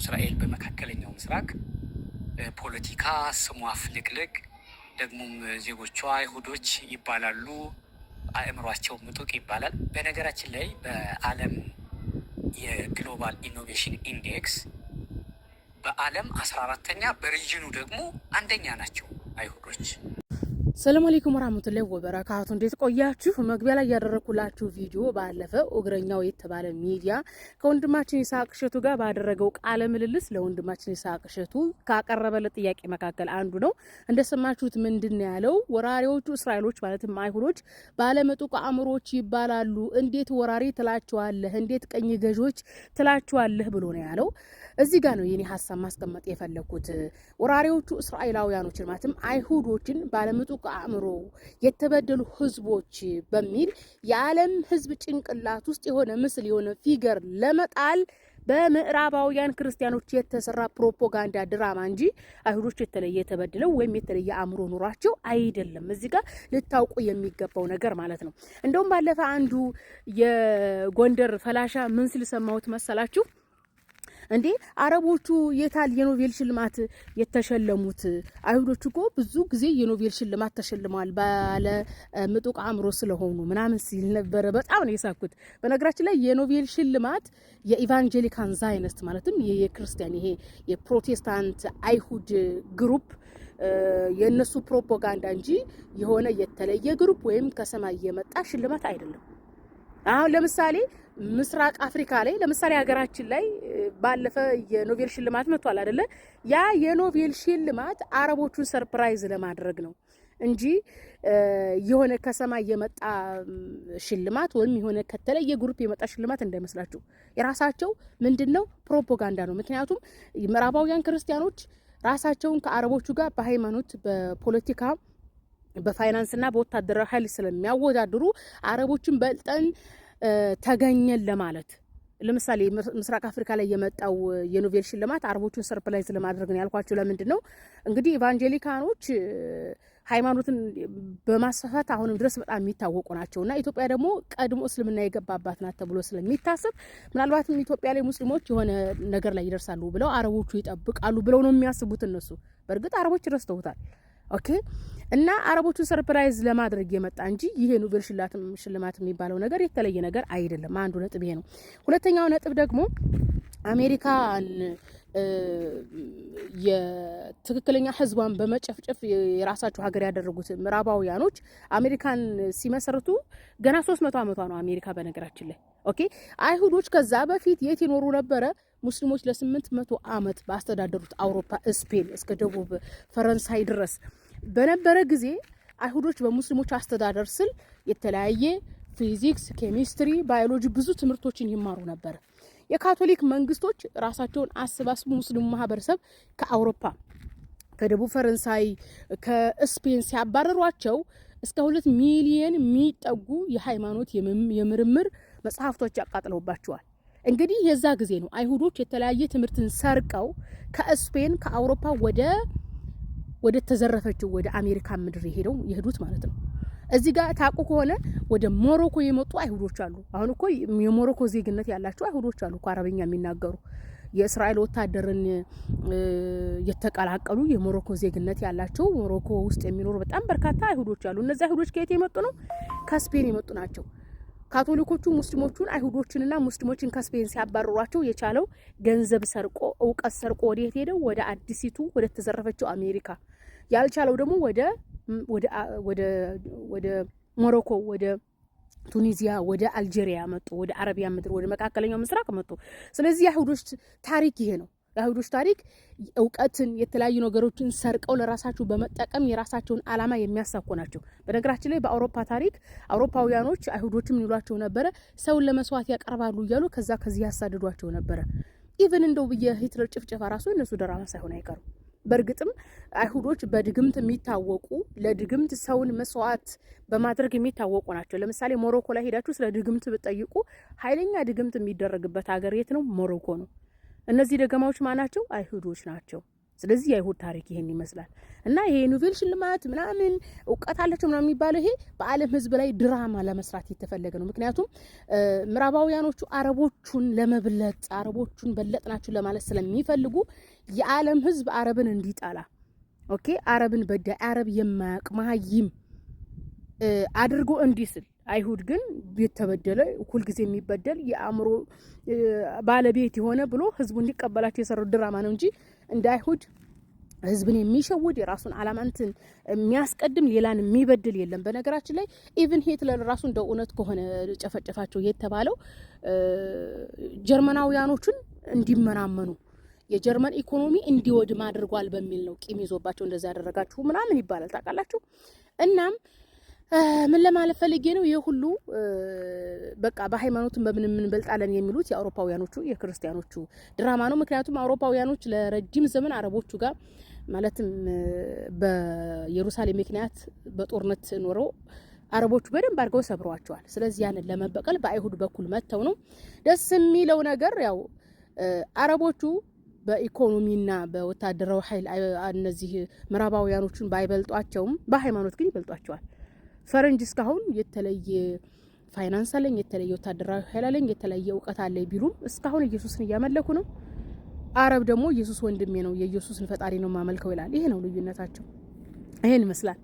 እስራኤል በመካከለኛው ምስራቅ ፖለቲካ ስሟ ፍልቅልቅ፣ ደግሞም ዜጎቿ አይሁዶች ይባላሉ። አእምሯቸው ምጡቅ ይባላል። በነገራችን ላይ በዓለም የግሎባል ኢኖቬሽን ኢንዴክስ በዓለም አስራ አራተኛ በሪጅኑ ደግሞ አንደኛ ናቸው አይሁዶች። ሰላም አለይኩም ወራህመቱላሂ ወበረካቱ እንዴት ቆያችሁ? መግቢያ ላይ ያደረኩላችሁ ቪዲዮ ባለፈ እግረኛው የተባለ ሚዲያ ከወንድማችን ይስሐቅ እሸቱ ጋር ባደረገው ቃለ ምልልስ ለወንድማችን ይስሐቅ እሸቱ ካቀረበለት ጥያቄ መካከል አንዱ ነው። እንደሰማችሁት ምንድን ነው ያለው? ወራሪዎቹ እስራኤሎች ማለትም አይሁዶች ባለመጡቅ አእምሮች ይባላሉ። እንዴት ወራሪ ትላቸዋለህ? እንዴት ቀኝ ገዢዎች ትላቸዋለህ ብሎ ነው ያለው። እዚህ ጋር ነው የኔ ሀሳብ ማስቀመጥ የፈለግኩት። ወራሪዎቹ እስራኤላውያኖችን ማለትም አይሁዶችን ባለምጡቅ አእምሮ የተበደሉ ህዝቦች በሚል የዓለም ህዝብ ጭንቅላት ውስጥ የሆነ ምስል የሆነ ፊገር ለመጣል በምዕራባውያን ክርስቲያኖች የተሰራ ፕሮፓጋንዳ ድራማ እንጂ አይሁዶች የተለየ የተበድለው ወይም የተለየ አእምሮ ኑሯቸው አይደለም። እዚህ ጋር ልታውቁ የሚገባው ነገር ማለት ነው። እንደውም ባለፈ አንዱ የጎንደር ፈላሻ ምን ሲል ሰማሁት መሰላችሁ? እንዴ አረቦቹ የታል የኖቤል ሽልማት የተሸለሙት? አይሁዶች እኮ ብዙ ጊዜ የኖቤል ሽልማት ተሸልመዋል ባለ ምጡቅ አእምሮ ስለሆኑ ምናምን ሲል ነበረ። በጣም ነው የሳኩት። በነገራችን ላይ የኖቤል ሽልማት የኢቫንጀሊካን ዛይነስት ማለትም የክርስቲያን ይሄ የፕሮቴስታንት አይሁድ ግሩፕ የእነሱ ፕሮፓጋንዳ እንጂ የሆነ የተለየ ግሩፕ ወይም ከሰማይ የመጣ ሽልማት አይደለም። አሁን ለምሳሌ ምስራቅ አፍሪካ ላይ ለምሳሌ ሀገራችን ላይ ባለፈ የኖቤል ሽልማት መጥቷል አይደለ? ያ የኖቤል ሽልማት አረቦቹን ሰርፕራይዝ ለማድረግ ነው እንጂ የሆነ ከሰማይ የመጣ ሽልማት ወይም የሆነ ከተለየ ግሩፕ የመጣ ሽልማት እንዳይመስላችሁ። የራሳቸው ምንድን ነው ፕሮፓጋንዳ ነው። ምክንያቱም ምዕራባውያን ክርስቲያኖች ራሳቸውን ከአረቦቹ ጋር በሃይማኖት፣ በፖለቲካ በፋይናንስና በወታደራዊ ኃይል ስለሚያወዳድሩ አረቦችን በልጠን ተገኘን ለማለት ለምሳሌ ምስራቅ አፍሪካ ላይ የመጣው የኖቤል ሽልማት አረቦቹን ሰርፕላይዝ ለማድረግ ነው ያልኳቸው። ለምንድን ነው እንግዲህ ኢቫንጀሊካኖች ሃይማኖትን በማስፋፋት አሁንም ድረስ በጣም የሚታወቁ ናቸው እና ኢትዮጵያ ደግሞ ቀድሞ እስልምና የገባባት ናት ተብሎ ስለሚታሰብ ምናልባትም ኢትዮጵያ ላይ ሙስሊሞች የሆነ ነገር ላይ ይደርሳሉ ብለው አረቦቹ ይጠብቃሉ ብለው ነው የሚያስቡት እነሱ። በእርግጥ አረቦች ረስተውታል። ኦኬ እና አረቦቹን ሰርፕራይዝ ለማድረግ የመጣ እንጂ ይሄ ኖቤል ሽልማት የሚባለው ነገር የተለየ ነገር አይደለም። አንዱ ነጥብ ይሄ ነው። ሁለተኛው ነጥብ ደግሞ አሜሪካን የትክክለኛ ህዝቧን በመጨፍጨፍ የራሳቸው ሀገር ያደረጉት ምዕራባውያኖች አሜሪካን ሲመሰርቱ ገና ሶስት መቶ ዓመቷ ነው አሜሪካ በነገራችን ላይ ኦኬ። አይሁዶች ከዛ በፊት የት ይኖሩ ነበረ? ሙስሊሞች ለስምንት መቶ ዓመት ባስተዳደሩት አውሮፓ ስፔን እስከ ደቡብ ፈረንሳይ ድረስ በነበረ ጊዜ አይሁዶች በሙስሊሞች አስተዳደር ስል የተለያየ ፊዚክስ፣ ኬሚስትሪ፣ ባዮሎጂ ብዙ ትምህርቶችን ይማሩ ነበር። የካቶሊክ መንግስቶች ራሳቸውን አሰባስቡ ሙስሊሙ ማህበረሰብ ከአውሮፓ ከደቡብ ፈረንሳይ ከስፔን ሲያባረሯቸው እስከ ሁለት ሚሊየን የሚጠጉ የሃይማኖት የምርምር መጽሐፍቶች ያቃጥለውባቸዋል። እንግዲህ የዛ ጊዜ ነው አይሁዶች የተለያየ ትምህርትን ሰርቀው ከስፔን ከአውሮፓ ወደ ወደ ተዘረፈችው ወደ አሜሪካ ምድር የሄደው የሄዱት ማለት ነው። እዚህ ጋር ታቁ ከሆነ ወደ ሞሮኮ የመጡ አይሁዶች አሉ። አሁን እኮ የሞሮኮ ዜግነት ያላቸው አይሁዶች አሉ እኮ አረበኛ የሚናገሩ የእስራኤል ወታደርን የተቀላቀሉ የሞሮኮ ዜግነት ያላቸው ሞሮኮ ውስጥ የሚኖሩ በጣም በርካታ አይሁዶች አሉ። እነዚህ አይሁዶች ከየት የመጡ ነው? ከስፔን የመጡ ናቸው። ካቶሊኮቹ ሙስሊሞቹን አይሁዶችንና ሙስሊሞችን ከስፔን ሲያባረሯቸው የቻለው ገንዘብ ሰርቆ እውቀት ሰርቆ ወዴት ሄደው? ወደ አዲሲቱ ወደ ተዘረፈችው አሜሪካ፣ ያልቻለው ደግሞ ወደ ሞሮኮ፣ ወደ ቱኒዚያ፣ ወደ አልጄሪያ መጡ። ወደ አረቢያ ምድር፣ ወደ መካከለኛው ምስራቅ መጡ። ስለዚህ የአይሁዶች ታሪክ ይሄ ነው። የአይሁዶች ታሪክ እውቀትን፣ የተለያዩ ነገሮችን ሰርቀው ለራሳቸው በመጠቀም የራሳቸውን አላማ የሚያሳኩ ናቸው። በነገራችን ላይ በአውሮፓ ታሪክ አውሮፓውያኖች አይሁዶችም ይሏቸው ነበረ ሰውን ለመስዋዕት ያቀርባሉ እያሉ ከዛ ከዚህ ያሳድዷቸው ነበረ። ኢቨን እንደው የሂትለር ጭፍጨፋ ራሱ እነሱ ድራማ ሳይሆን አይቀሩ። በእርግጥም አይሁዶች በድግምት የሚታወቁ ለድግምት ሰውን መስዋዕት በማድረግ የሚታወቁ ናቸው። ለምሳሌ ሞሮኮ ላይ ሄዳችሁ ስለ ድግምት ብትጠይቁ ኃይለኛ ድግምት የሚደረግበት ሀገር የት ነው? ሞሮኮ ነው። እነዚህ ደገማዎች ማናቸው? አይሁዶች ናቸው። ስለዚህ የአይሁድ ታሪክ ይሄን ይመስላል እና ይሄ ኖቤል ሽልማት ምናምን እውቀት አላቸው ምናምን የሚባለው ይሄ በዓለም ሕዝብ ላይ ድራማ ለመስራት የተፈለገ ነው። ምክንያቱም ምዕራባውያኖቹ አረቦቹን ለመብለጥ አረቦቹን በለጥናችሁ ለማለት ስለሚፈልጉ የዓለም ሕዝብ አረብን እንዲጠላ ኦኬ፣ አረብን በዳ አረብ የማያቅ መሀይም አድርጎ እንዲስል አይሁድ ግን የተበደለ ሁልጊዜ የሚበደል የአእምሮ ባለቤት የሆነ ብሎ ህዝቡ እንዲቀበላቸው የሰራው ድራማ ነው እንጂ እንደ አይሁድ ህዝብን የሚሸውድ የራሱን አላማንትን የሚያስቀድም ሌላን የሚበድል የለም። በነገራችን ላይ ኢቭን ሂትለር ራሱ እንደ እውነት ከሆነ ጨፈጨፋቸው የተባለው ጀርመናውያኖቹን እንዲመናመኑ የጀርመን ኢኮኖሚ እንዲወድም አድርጓል በሚል ነው ቂም ይዞባቸው እንደዚ ያደረጋችሁ ምናምን ይባላል ታውቃላችሁ። እናም ምን ለማለት ፈልጌ ነው? ይህ ሁሉ በቃ በሃይማኖትን በምን እንበልጣለን የሚሉት የአውሮፓውያኖቹ የክርስቲያኖቹ ድራማ ነው። ምክንያቱም አውሮፓውያኖች ለረጅም ዘመን አረቦቹ ጋር ማለትም በኢየሩሳሌም ምክንያት በጦርነት ኖረው አረቦቹ በደንብ አድርገው ሰብረዋቸዋል። ስለዚህ ያንን ለመበቀል በአይሁድ በኩል መጥተው ነው። ደስ የሚለው ነገር ያው አረቦቹ በኢኮኖሚና በወታደራዊ ኃይል እነዚህ ምዕራባውያኖቹን ባይበልጧቸውም በሃይማኖት ግን ይበልጧቸዋል። ፈረንጅ እስካሁን የተለየ ፋይናንስ አለኝ፣ የተለየ ወታደራዊ ኃይል አለኝ፣ የተለየ እውቀት አለኝ ቢሉም እስካሁን ኢየሱስን እያመለኩ ነው። አረብ ደግሞ ኢየሱስ ወንድሜ ነው፣ የኢየሱስን ፈጣሪ ነው ማመልከው ይላል። ይሄ ነው ልዩነታቸው። ይሄን ይመስላል።